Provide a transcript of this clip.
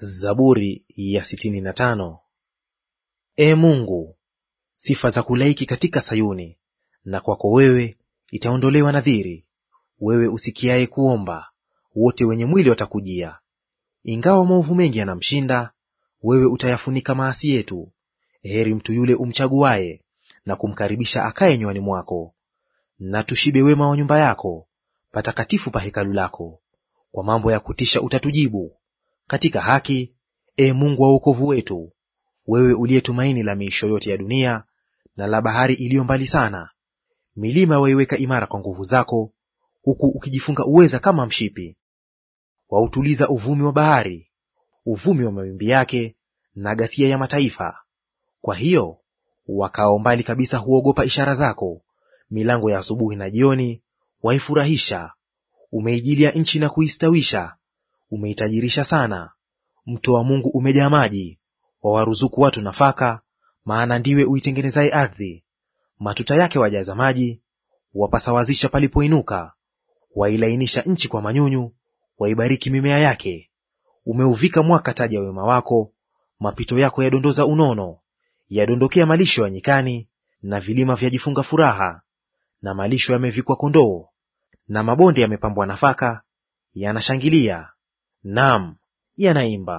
Zaburi ya sitini na tano. E Mungu, sifa za kulaiki katika Sayuni, na kwako wewe itaondolewa nadhiri. Wewe usikiaye kuomba, wote wenye mwili watakujia. Ingawa maovu mengi yanamshinda, wewe utayafunika maasi yetu. Heri mtu yule umchaguaye na kumkaribisha akaye nywani mwako. Na tushibe wema wa nyumba yako, patakatifu pa hekalu lako. Kwa mambo ya kutisha utatujibu, katika haki, e Mungu wa wokovu wetu, wewe uliye tumaini la miisho yote ya dunia na la bahari iliyo mbali sana. Milima waiweka imara kwa nguvu zako, huku ukijifunga uweza kama mshipi. Wautuliza uvumi wa bahari, uvumi wa mawimbi yake, na ghasia ya mataifa. Kwa hiyo wakao mbali kabisa huogopa ishara zako. Milango ya asubuhi na jioni waifurahisha. Umeijilia nchi na kuistawisha, umeitajirisha sana, mto wa Mungu umejaa maji, wawaruzuku watu nafaka, maana ndiwe uitengenezaye ardhi. Matuta yake wajaza maji, wapasawazisha palipoinuka, wailainisha nchi kwa manyunyu, waibariki mimea yake. Umeuvika mwaka taji ya wema wako, mapito yako yadondoza unono, yadondokea malisho ya nyikani, na vilima vyajifunga furaha, na malisho yamevikwa kondoo, na mabonde yamepambwa nafaka, yanashangilia. Naam, yanaimba.